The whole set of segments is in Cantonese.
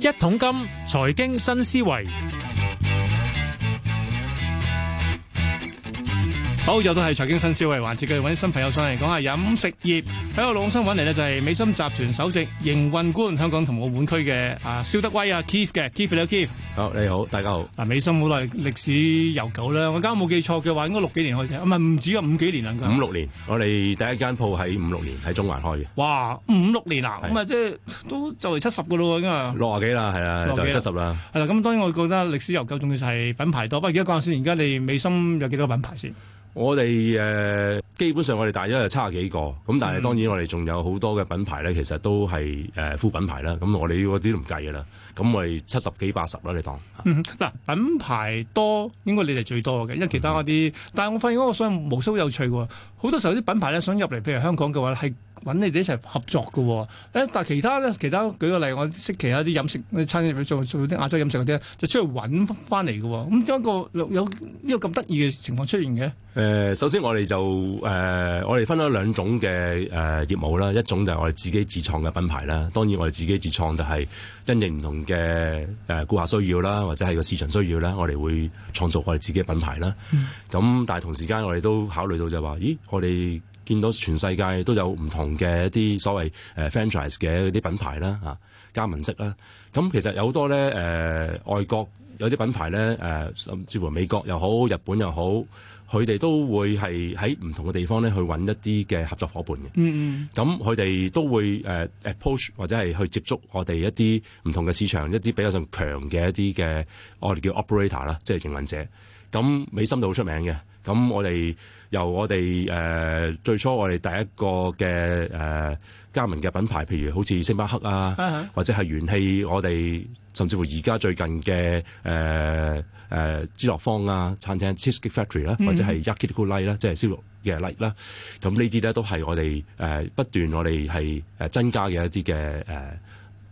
一桶金財經新思維，好又都係財經新思維，環節，繼續揾啲新朋友上嚟講下飲食業喺我龍新揾嚟咧，就係美心集團首席營運官香港同澳門區嘅啊，蕭德威啊，Keith 嘅 Keith，你好 Keith。好，你好，大家好。嗱，美心好耐歷史悠久啦，我而家冇記錯嘅話，應該六幾年開始，唔係唔止啊，五幾年啦，五六年。我哋第一間鋪喺五六年喺中環開嘅。哇，五六年啊，咁啊，即係、就係、都就嚟七十個咯喎，應該係。六十幾啦，係啊，就七十啦。係啦，咁當然我覺得歷史悠久仲要就係品牌多。不過而家講下先，而家你美心有幾多個品牌先？我哋誒、呃、基本上我哋大約有七十幾個，咁但係當然我哋仲有好多嘅品牌咧，其實都係副、呃、品牌啦。咁我哋嗰啲都唔計噶啦，咁我哋七十幾八十啦。你當，嗱品牌多應該你哋最多嘅，因為其他嗰啲、嗯。但係我發現我想新聞無數有趣喎。好多時候啲品牌咧想入嚟，譬如香港嘅話係。揾你哋一齊合作嘅，誒，但係其他咧，其他舉個例，我識其他啲飲食、啲餐廳入面做做啲亞洲飲食嗰啲就出去揾翻嚟嘅，咁一個有有呢個咁得意嘅情況出現嘅。誒、呃，首先我哋就誒、呃，我哋分咗兩種嘅誒、呃、業務啦，一種就係我哋自己自創嘅品牌啦。當然我哋自己自創就係因應唔同嘅誒顧客需要啦，或者係個市場需要啦，我哋會創造我哋自己嘅品牌啦。咁、嗯、但係同時間我哋都考慮到就話，咦，我哋。見到全世界都有唔同嘅一啲所謂誒 franchise 嘅一啲品牌啦，嚇加盟式啦，咁其實有好多咧誒、呃、外國有啲品牌咧誒，甚、呃、至乎美國又好、日本又好，佢哋都會係喺唔同嘅地方咧去搵一啲嘅合作夥伴嘅。嗯嗯。咁佢哋都會誒 approach 或者係去接觸我哋一啲唔同嘅市場，一啲比較上強嘅一啲嘅我哋叫 operator 啦，即係營運者。咁美心都好出名嘅。咁我哋由我哋誒、呃、最初我哋第一個嘅誒加盟嘅品牌，譬如好似星巴克啊，uh -huh. 或者係元氣我，我哋甚至乎而家最近嘅誒誒芝樂坊啊餐廳 Cheesecake Factory 啦、啊，uh -huh. 或者係 Yakitori Light 啦、啊，即係燒肉嘅 Light 啦、啊，咁呢啲咧都係我哋誒、呃、不斷我哋係誒增加嘅一啲嘅誒。呃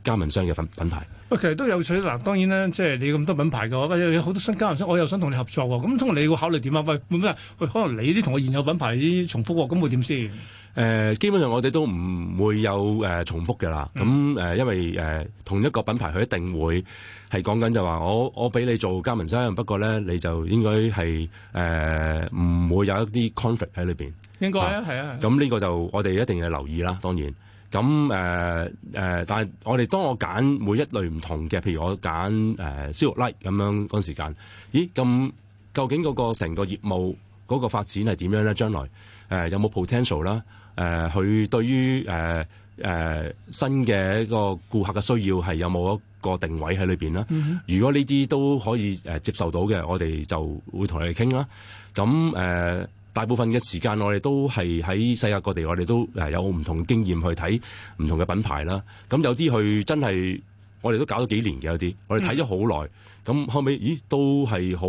加盟商嘅品牌，喂，其實都有趣。嗱，當然咧，即係你咁多品牌嘅話，喂，有好多新加盟商，我又想同你合作喎。咁，通常你會考慮點啊？喂，冇咩？喂，可能你啲同我現有品牌啲重複喎，咁會點先？誒，基本上我哋都唔會有誒重複嘅啦。咁，嗯，誒，因為誒同一個品牌，佢一定會係講緊就話，我我俾你做加盟商，不過咧你就應該係誒唔會有一啲 conflict 喺裏邊。應該啊，係啊。咁呢個就我哋一定要留意啦。當然。咁誒、呃呃、但係我哋當我揀每一類唔同嘅，譬如我揀誒、呃、燒肉拉、like、咁樣嗰陣時間，咦咁究竟嗰個成個業務嗰、嗰個發展係點樣咧？將來誒、呃、有冇 potential 啦？誒、呃、佢對於誒誒、呃呃、新嘅一個顧客嘅需要係有冇一個定位喺裏面？啦、mm -hmm. 如果呢啲都可以、呃、接受到嘅，我哋就會同你哋傾啦。咁誒。呃大部分嘅時間，我哋都係喺世界各地，我哋都誒有唔同經驗去睇唔同嘅品牌啦。咁有啲去真係，我哋都搞咗幾年嘅有啲，我哋睇咗好耐。咁後尾，咦，都係好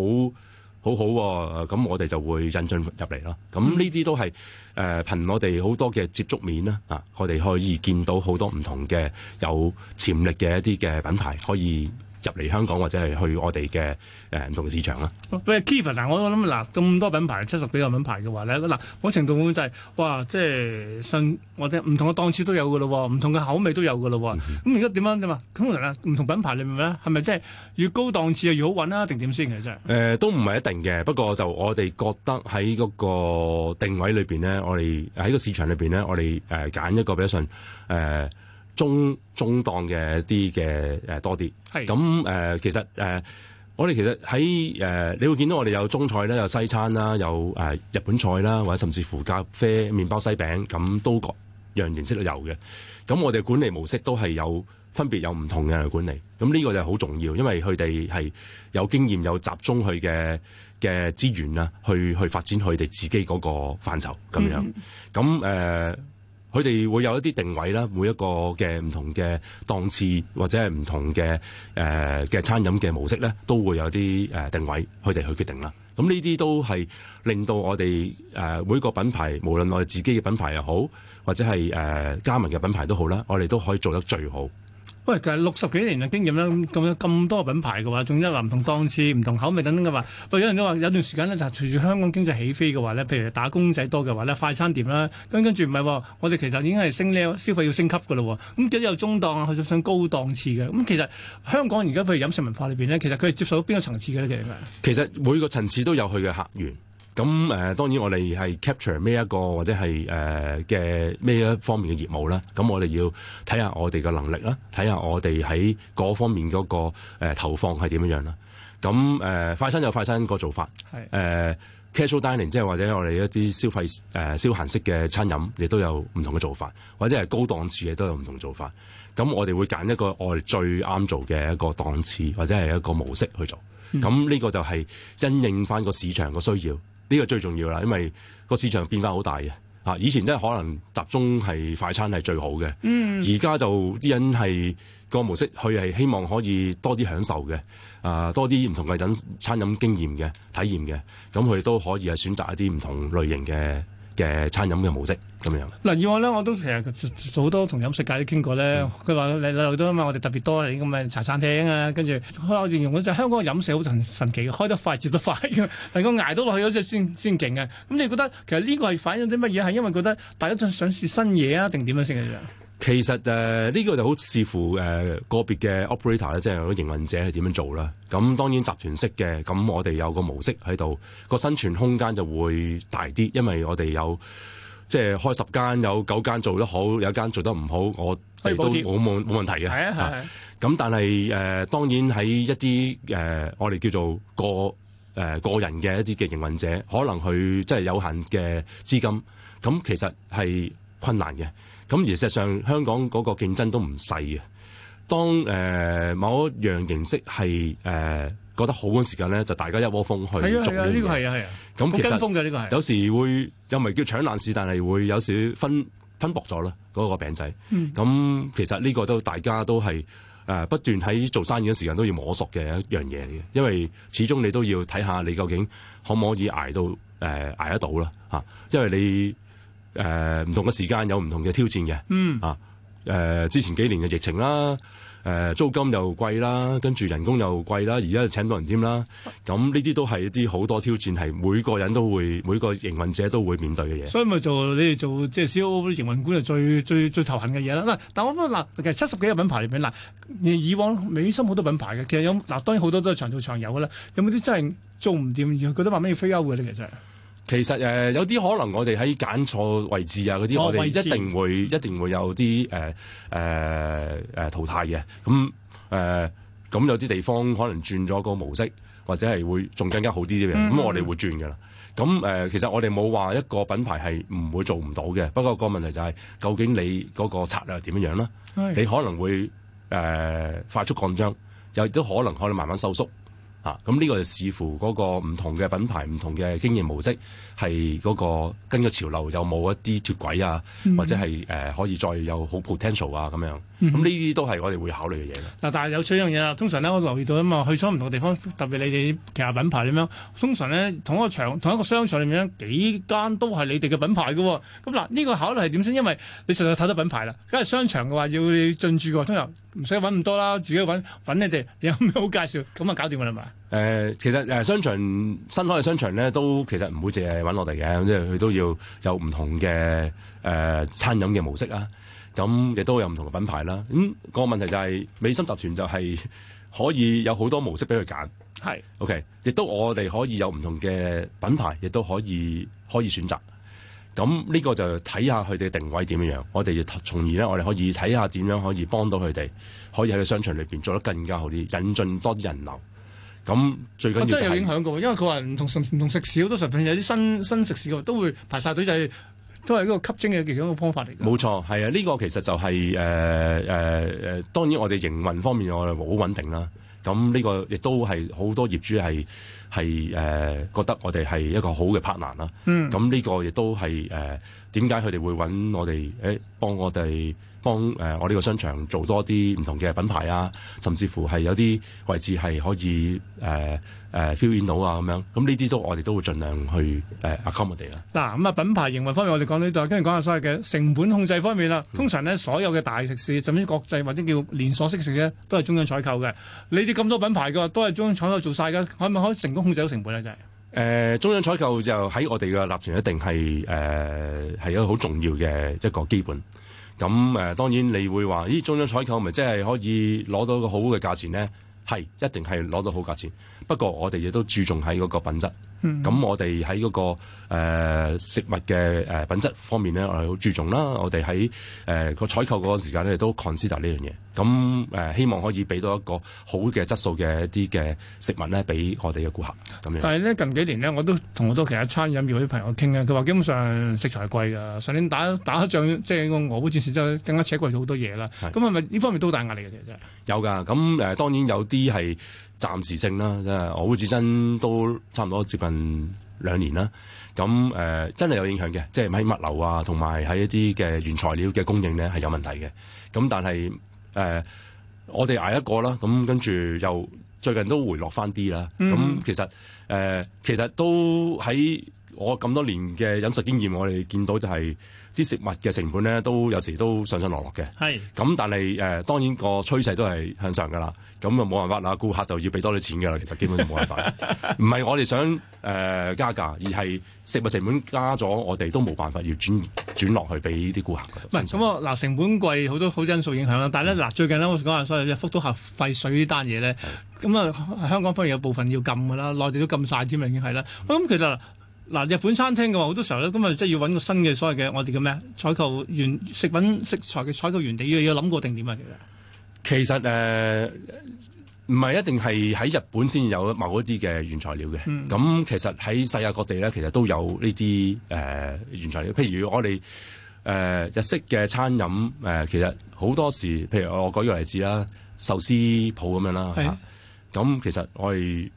好好喎。咁我哋就會引進入嚟咯。咁呢啲都係誒憑我哋好多嘅接觸面啦，啊，我哋可以見到好多唔同嘅有潛力嘅一啲嘅品牌可以入嚟香港或者係去我哋嘅誒唔同市場啊？喂 Kiva，嗱我我諗嗱咁多品牌七十幾個品牌嘅話咧嗱，某程度會就係、是、哇，即係信或者唔同嘅檔次都有嘅咯，唔同嘅口味都有嘅咯。咁而家點樣嘅嘛？通常啊，唔同品牌裏面咧，係咪即係越高檔次就越好揾啊？定點先其實啫？誒、呃，都唔係一定嘅。不過就我哋覺得喺嗰個定位裏邊呢，我哋喺個市場裏邊呢，我哋誒揀一個比較順中中檔嘅啲嘅誒多啲，咁誒、呃、其實誒、呃、我哋其實喺誒、呃，你會見到我哋有中菜啦，有西餐啦，有誒、呃、日本菜啦，或者甚至乎咖啡、麵包、西餅，咁都各樣形式都有嘅。咁我哋管理模式都係有分別，有唔同嘅管理。咁呢個就好重要，因為佢哋係有經驗，有集中佢嘅嘅資源啊，去去發展佢哋自己嗰個範疇咁樣。咁、嗯、誒。佢哋會有一啲定位啦，每一個嘅唔同嘅檔次或者係唔同嘅誒嘅餐飲嘅模式咧，都會有啲誒定位，佢哋去決定啦。咁呢啲都係令到我哋誒、呃、每個品牌，無論我哋自己嘅品牌又好，或者係誒加盟嘅品牌都好啦，我哋都可以做得最好。喂，其實六十幾年嘅經驗啦，咁樣咁多品牌嘅話，仲有話唔同檔次、唔同口味等等嘅話，喂，有人都話有段時間呢，就隨住香港經濟起飛嘅話呢，譬如打工仔多嘅話呢，快餐店啦，跟跟住唔係喎，我哋其實已經係升呢消費要升級嘅咯喎，咁一有中檔啊，去上上高檔次嘅，咁其實香港而家，譬如飲食文化裏邊呢，其實佢係接受到邊個層次嘅呢？其實其實每個層次都有佢嘅客源。咁誒、呃、當然我哋係 capture 咩一個或者係誒嘅咩一方面嘅業務啦，咁我哋要睇下我哋嘅能力啦，睇下我哋喺嗰方面嗰個、呃、投放係點樣啦。咁誒、呃、快餐有快餐個做法，係、呃、casual dining 即係或者我哋一啲消費誒、呃、消閒式嘅餐飲，亦都有唔同嘅做法，或者係高檔次嘅都有唔同做法。咁我哋會揀一個我哋最啱做嘅一個檔次，或者係一個模式去做。咁、嗯、呢個就係因應翻個市場嘅需要。呢個最重要啦，因為個市場變化好大嘅，以前真係可能集中係快餐係最好嘅，嗯、而家就啲人係個模式，佢係希望可以多啲享受嘅，啊多啲唔同嘅飲餐飲經驗嘅體驗嘅，咁佢都可以係選擇一啲唔同類型嘅。嘅餐飲嘅模式咁樣。嗱以往咧，我都成日做好多同飲食界都傾過咧。佢話你又多啊嘛，我哋特別多啲咁嘅茶餐廳啊，跟住我形容咗就香港飲食好神神奇嘅，開得快，接得快嘅，能夠捱到落去嗰隻先先勁嘅。咁你覺得其實呢個係反映啲乜嘢？係因為覺得大家想試新嘢啊，定點樣先嘅啫？其實誒呢、呃這個就好視乎誒、呃、個別嘅 operator 咧，即係營運者係點樣做啦。咁當然集團式嘅，咁我哋有個模式喺度，個生存空間就會大啲，因為我哋有即係開十間，有九間做得好，有一間做得唔好，我哋都冇冇問題嘅。係啊係。咁但係誒、呃，當然喺一啲誒、呃、我哋叫做個誒、呃、個人嘅一啲嘅營運者，可能佢即係有限嘅資金，咁其實係困難嘅。咁而事實上，香港嗰個競爭都唔細嘅。當誒、呃、某樣形式係誒、呃、覺得好嗰陣時間咧，嗯、就大家一窩蜂去做呢樣嘢。啊，係啊，呢、這個係啊，係、這個、啊。咁其實、這個、有時會又咪叫搶爛市，但係會有少少分分薄咗啦嗰個餅仔。咁、嗯、其實呢個都大家都係誒、呃、不斷喺做生意嗰陣時間都要摸索嘅一樣嘢嚟嘅，因為始終你都要睇下你究竟可唔可以捱到誒捱得到啦嚇，因為你。誒、呃、唔同嘅時間有唔同嘅挑戰嘅，嗯啊誒、呃、之前幾年嘅疫情啦，誒、呃、租金又貴啦，跟住人工又貴啦，而家又請到人添啦，咁呢啲都係一啲好多挑戰，係每個人都會每個營運者都會面對嘅嘢。所以咪做你哋做即係小營運官係最最最最頭痕嘅嘢啦。嗱，但我覺得嗱，其實七十幾個品牌入面，嗱，以往美心好多品牌嘅，其實有嗱，當然好多都係長做長有嘅啦。有冇啲真係做唔掂而佢都話咩要飛歐嘅咧？其實？其實誒、呃、有啲可能我哋喺揀錯位置啊嗰啲，我哋一定會一定會有啲誒誒誒淘汰嘅。咁誒咁有啲地方可能轉咗個模式，或者係會仲更加好啲啲嘅。咁、嗯、我哋會轉噶啦。咁、嗯、誒、呃、其實我哋冇話一個品牌係唔會做唔到嘅。不過個問題就係、是、究竟你嗰個策略點樣樣啦？你可能會誒快速擴張，又亦都可能可能慢慢收縮。啊！咁呢個就視乎嗰個唔同嘅品牌、唔同嘅經營模式，係嗰個跟個潮流有冇一啲脱軌啊、嗯，或者係誒、呃、可以再有好 potential 啊咁樣。咁呢啲都係我哋會考慮嘅嘢嗱，但係有趣一樣嘢啦。通常咧，我留意到啊嘛，去咗唔同嘅地方，特別你哋其他品牌咁樣，通常咧，同一個場、同一個商場入面咧，幾間都係你哋嘅品牌嘅、哦。咁嗱，呢個考慮係點先？因為你實在太多品牌啦。梗係，商場嘅話要你進駐嘅話，當然唔使揾咁多啦，自己揾揾你哋有咩好介紹，咁啊搞掂㗎啦嘛。誒、呃，其實誒、呃、商場新開嘅商場咧，都其實唔會淨係揾我哋嘅，即係佢都要有唔同嘅誒、呃、餐飲嘅模式啊。咁亦都有唔同嘅品牌啦。咁、嗯個問題就係、是、美心集團就係可以有好多模式俾佢揀，係 OK。亦都我哋可以有唔同嘅品牌，亦都可以可以選擇。咁呢、個就睇下佢哋定位點樣。我哋要從而咧，我哋可以睇下點樣可以幫到佢哋，可以喺個商場裏面做得更加好啲，引進多啲人流。咁最緊要、就係啊、有影響嘅，因為佢話唔同食唔同食肆好多食品有啲新新食肆嘅都會排晒隊就都係一個吸睛嘅其中一個方法嚟嘅。冇錯，係啊！呢個其實就係誒誒誒，當然我哋營運方面我哋好穩定啦。咁呢個亦都係好多業主係。係誒、呃、覺得我哋係一個好嘅 partner 啦、嗯，咁呢個亦都係誒點解佢哋會揾我哋誒、欸、幫我哋幫誒、呃、我呢個商場做多啲唔同嘅品牌啊，甚至乎係有啲位置係可以誒誒、呃呃、fill in 到啊咁樣，咁呢啲都我哋都會盡量去誒、呃、accommodate 啦、啊。嗱，咁啊品牌營運方面我哋講呢度，跟住講下所謂嘅成本控制方面啦。通常呢，所有嘅大食肆，甚至國際或者叫連鎖式食咧，都係中央採購嘅。你啲咁多品牌嘅都係中央採購做晒㗎，可唔可以成？都控制到成本咧，就係。誒，中央採購就喺我哋嘅立場一定係誒係一個好重要嘅一個基本。咁誒、呃，當然你會話，咦？中央採購咪即係可以攞到個好嘅價錢咧？係，一定係攞到好價錢。不過我哋亦都注重喺嗰個品質。咁、嗯、我哋喺嗰個、呃、食物嘅誒品質方面咧，我哋好注重啦。我哋喺誒個採購嗰個時間咧，都 concern 呢樣嘢。咁誒、呃，希望可以俾到一個好嘅質素嘅一啲嘅食物咧，俾我哋嘅顧客咁樣。但係咧，近幾年咧，我都同好多其他餐飲業啲朋友傾咧，佢話基本上食材係貴㗎。上年打打仗，即係個俄烏戰事之後，更加扯貴咗好多嘢啦。咁係咪呢方面都好大壓力嘅？其實真係有㗎。咁誒、呃，當然有啲係暫時性啦。即係俄烏戰爭都差唔多接近兩年啦。咁誒、呃，真係有影響嘅，即係喺物流啊，同埋喺一啲嘅原材料嘅供應咧係有問題嘅。咁但係。誒、呃，我哋捱一個啦，咁跟住又最近都回落返啲啦，咁、嗯、其實誒、呃，其實都喺。我咁多年嘅飲食經驗，我哋見到就係啲食物嘅成本咧，都有時都上上落落嘅。咁，但係誒、呃，當然個趨勢都係向上㗎啦。咁啊，冇辦法啦，顧客就要俾多啲錢㗎啦。其實基本就冇辦法，唔 係我哋想、呃、加價，而係食物成本加咗，我哋都冇辦法要轉轉落去俾啲顧客。唔咁啊，嗱，成本貴好多，好因素影響啦。但係咧嗱，最近呢，我講下所謂嘅福島核廢水呢單嘢咧，咁啊、嗯，香港方面有部分要禁㗎啦，內地都禁晒添啦，已經係啦。咁其實～嗱，日本餐廳嘅話好多時候咧，今日即係要揾個新嘅所謂嘅我哋叫咩採購原食品食材嘅採購原地，要要諗過定點啊，其實，其實誒唔係一定係喺日本先有某一啲嘅原材料嘅。咁、嗯、其實喺世界各地咧，其實都有呢啲誒原材料。譬如我哋誒、呃、日式嘅餐飲誒、呃，其實好多時，譬如我舉個例子啦，壽司鋪咁樣啦，咁、啊、其實我哋。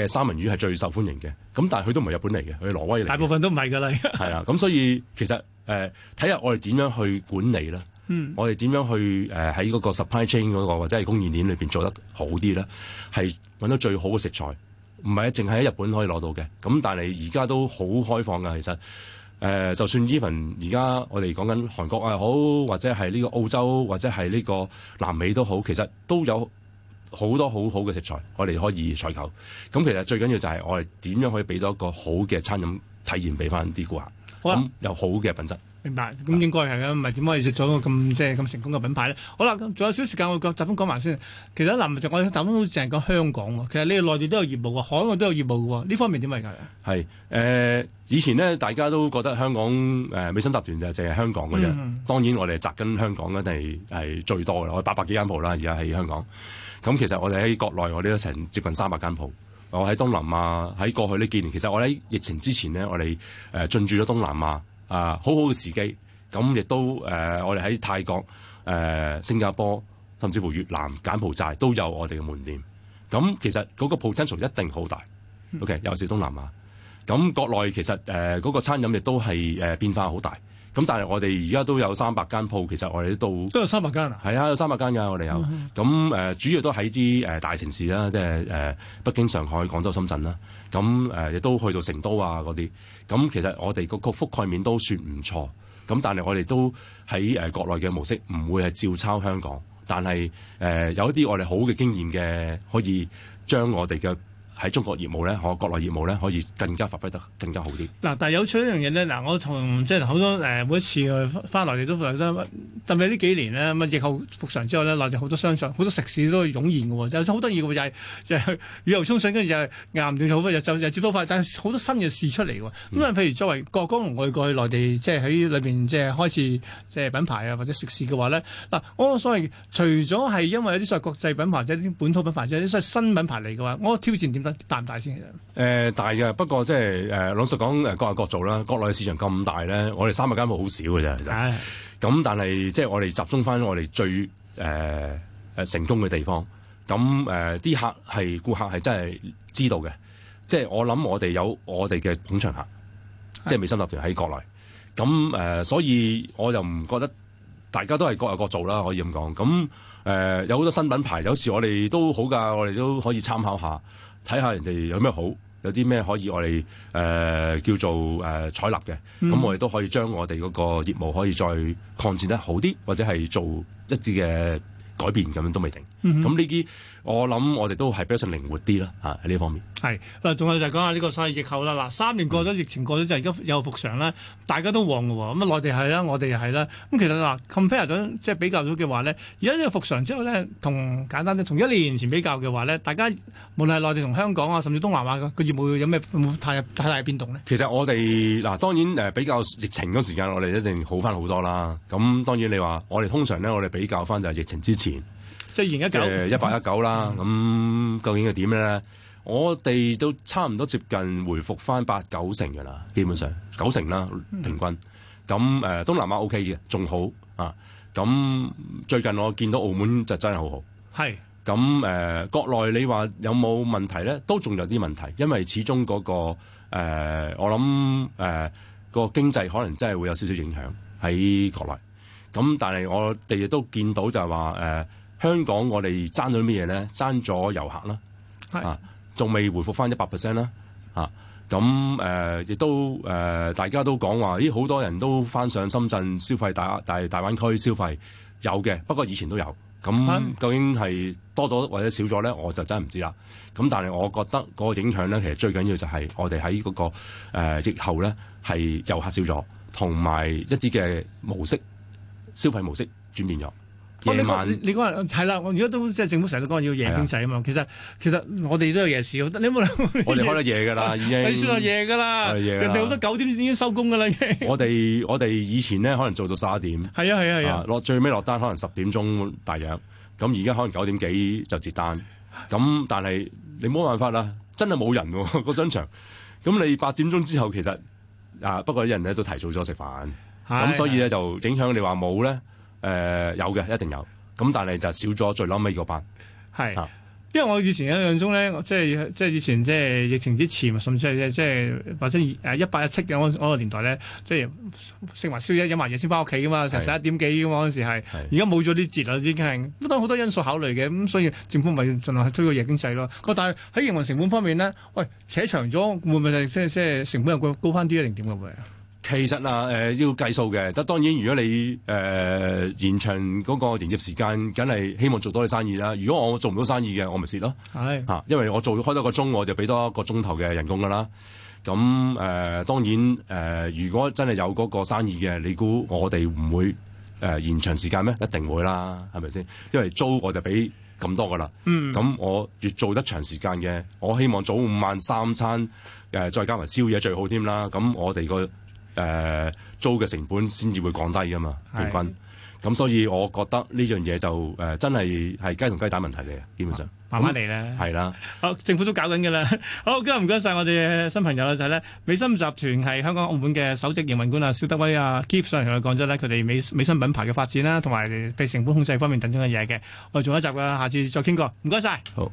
嘅三文魚係最受歡迎嘅，咁但係佢都唔係日本嚟嘅，佢係挪威嚟。大部分都唔係㗎啦。係 啦，咁所以其實誒睇下我哋點樣去管理啦、嗯，我哋點樣去誒喺嗰個 supply chain 嗰、那個或者係供應鏈裏邊做得好啲咧，係揾到最好嘅食材，唔係淨係喺日本可以攞到嘅。咁但係而家都好開放㗎，其實誒、呃，就算 even 而家我哋講緊韓國啊好，或者係呢個澳洲或者係呢個南美都好，其實都有。很多很好多好好嘅食材，我哋可以採購。咁其實最緊要就係我哋點樣可以俾到一個好嘅餐飲體驗俾翻啲顧客。好啊，有好嘅品質。明白。咁應該係啊，唔係點可以做咗個咁即係咁成功嘅品牌咧？好啦，仲有少時間，我集中講埋先。其實嗱，就我頭先淨係講香港啊。其實你哋內地都有業務噶，海外都有業務噶。呢方面點嚟噶？係誒、呃，以前呢大家都覺得香港誒、呃，美心集團就係淨係香港噶啫、嗯。當然我們是，我哋扎根香港咧，一定係係最多噶啦，我八百幾間鋪啦，而家喺香港。咁其實我哋喺國內，我哋都成接近三百間鋪。我喺東南亞，喺過去呢幾年，其實我喺疫情之前咧，我哋誒進駐咗東南亞啊，好好嘅時機。咁亦都誒我哋喺泰國、誒新加坡，甚至乎越南、柬埔寨都有我哋嘅門店。咁其實嗰個 potential 一定好大。OK，嗯，尤其是東南亞。咁國內其實嗰個餐飲亦都係誒變化好大。咁但係我哋而家都有三百間鋪，其實我哋都都有三百間啊，係啊，有三百間㗎，我哋有咁、嗯呃、主要都喺啲大城市啦，即係誒、呃、北京、上海、廣州、深圳啦。咁誒亦都去到成都啊嗰啲。咁其實我哋個覆蓋面都算唔錯。咁但係我哋都喺誒、呃、國內嘅模式，唔會係照抄香港，但係誒、呃、有一啲我哋好嘅經驗嘅，可以將我哋嘅。喺中國業務咧，可國內業務咧可以更加發揮得更加好啲。嗱，但係有趣的一樣嘢呢，嗱，我同即係好多誒每一次去翻來嚟都嚟得特別呢幾年呢，咁疫後復常之後呢，內地好多商場、好多食肆都湧現嘅喎。有好得意嘅喎，就係就係旅遊商場跟住就係巖斷好多，就是就是、接又就接到塊，但係好多新嘅事出嚟喎。咁、嗯、啊，譬如作為國光同外國去內地，即係喺裏邊即係開始即係品牌啊或者食肆嘅話呢。嗱，我所謂除咗係因為有啲所謂國際品牌或者啲本土品牌，即係啲新品牌嚟嘅話，我挑戰點？大唔大先，呃就是呃？其實誒，大、哎、嘅，不過即係誒，老實講，誒，各有各做啦。國內市場咁大咧，我哋三百間鋪好少嘅啫。咁但係即係我哋集中翻我哋最誒誒、呃、成功嘅地方。咁誒，啲、呃、客係顧客係真係知道嘅。即、就、係、是、我諗我哋有我哋嘅捧場客，即係美心集團喺國內。咁誒、呃，所以我又唔覺得大家都係各有各做啦。可以咁講。咁誒、呃，有好多新品牌，有時我哋都好噶，我哋都可以參考下。睇下人哋有咩好，有啲咩可以我哋誒、呃、叫做誒、呃、採納嘅，咁、嗯、我哋都可以將我哋嗰個業務可以再擴展得好啲，或者係做一致嘅改變咁樣都未定。咁呢啲，我諗我哋都係比較上靈活啲啦，嚇喺呢方面。係，仲有就係講下呢個世疫情啦。嗱，三年過咗，疫情過咗就而家有復常啦，大家都旺喎。咁啊，內地係啦，我哋係啦。咁其實嗱，compare 咗即係比較咗嘅話呢，而家呢個復常之後呢，同簡單啲，同一年前比較嘅話呢，大家無論係內地同香港啊，甚至東南亞嘅，佢有冇有咩太太大嘅變動呢？其實我哋嗱，當然誒比較疫情嗰時間，我哋一定好翻好多啦。咁當然你話，我哋通常呢，我哋比較翻就係疫情之前。即係一八一九啦，咁、嗯、究竟係點咧？我哋都差唔多接近回復翻八九成嘅啦，基本上九成啦平均。咁、嗯、誒、呃，東南亞 O K 嘅，仲好啊。咁最近我見到澳門就真係好好。係咁誒，國內你話有冇問題咧？都仲有啲問題，因為始終嗰、那個、呃、我諗誒、呃那個經濟可能真係會有少少影響喺國內。咁但係我哋亦都見到就係話誒。呃香港我哋爭咗咩嘢咧？爭咗遊客啦，啊，仲未回復翻一百 percent 啦，咁誒亦都誒、呃，大家都講話，咦好多人都翻上深圳消費大大大灣區消費有嘅，不過以前都有，咁究竟係多咗或者少咗咧？我就真係唔知啦。咁但係我覺得嗰個影響咧，其實最緊要就係我哋喺嗰個、呃、疫後咧，係遊客少咗，同埋一啲嘅模式消費模式轉變咗。夜、哦、你講係啦，我而家都即係政府成日都講要夜經濟嘛啊嘛。其實其實我哋都有夜市，你冇諗？我哋開得夜噶啦，你算係夜噶啦。人哋好多九點已經收工噶啦。我哋我哋以前咧可能做到十一點，係啊係啊係啊，落、啊啊啊啊、最尾落單可能十點鐘大約。咁而家可能九點幾就接單。咁 但係你冇辦法啦，真係冇人個商場。咁 你八點鐘之後其實啊，不過啲人咧都提早咗食飯。咁、啊、所以咧就影響你話冇咧。誒、呃，有嘅，一定有。咁但係就少咗最 l 尾個班。係、啊，因為我以前印象中咧，即係即係以前即係疫情之前，甚至係即係或者誒一八一七嘅嗰個年代咧，即係食埋宵夜飲埋嘢先翻屋企噶嘛，成十一點幾噶嘛嗰時係。而家冇咗啲節啦，已經係都當好多因素考慮嘅。咁所以政府咪盡量去推個夜經濟咯。但係喺營運成本方面咧，喂、哎，扯長咗會唔會即係即係成本又會高高翻啲啊？定點嘅喂？其實啊、呃，要計數嘅。得當然，如果你誒、呃、延長嗰個營業時間，梗係希望做多啲生意啦。如果我做唔到生意嘅，我咪蝕咯。係嚇、因為我做開多個鐘，我就俾多一個鐘頭嘅人工噶啦。咁誒、呃、當然誒、呃，如果真係有嗰個生意嘅，你估我哋唔會、呃、延長時間咩？一定會啦，係咪先？因為租我就俾咁多噶啦。咁、嗯、我越做得長時間嘅，我希望早午晚三餐、呃、再加埋宵夜最好添啦。咁我哋個。誒、呃、租嘅成本先至會降低噶嘛，平均咁，所以我覺得呢樣嘢就誒、呃、真係係雞同雞蛋問題嚟嘅，基本上慢慢嚟咧，係啦。好、哦，政府都搞緊噶啦。 好，今日唔該晒我哋新朋友啦，就係、是、咧美心集團係香港、澳門嘅首席營運官啊，蕭德威啊，Keith 上嚟同佢講咗咧佢哋美美心品牌嘅發展啦、啊，同埋被成本控制方面等等嘅嘢嘅。我哋仲有一集噶，下次再傾過。唔該晒。好。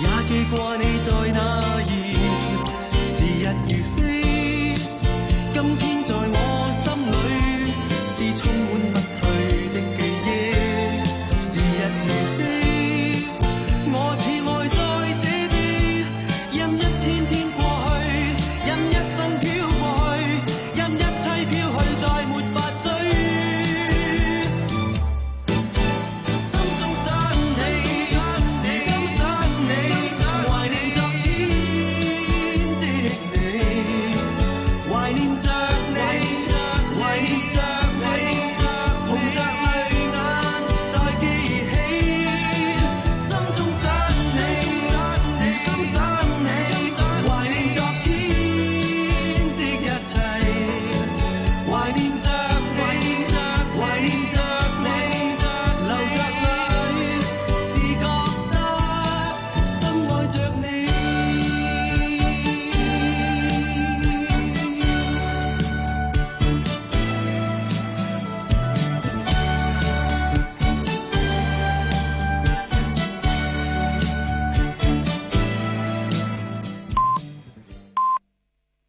也記掛你在那。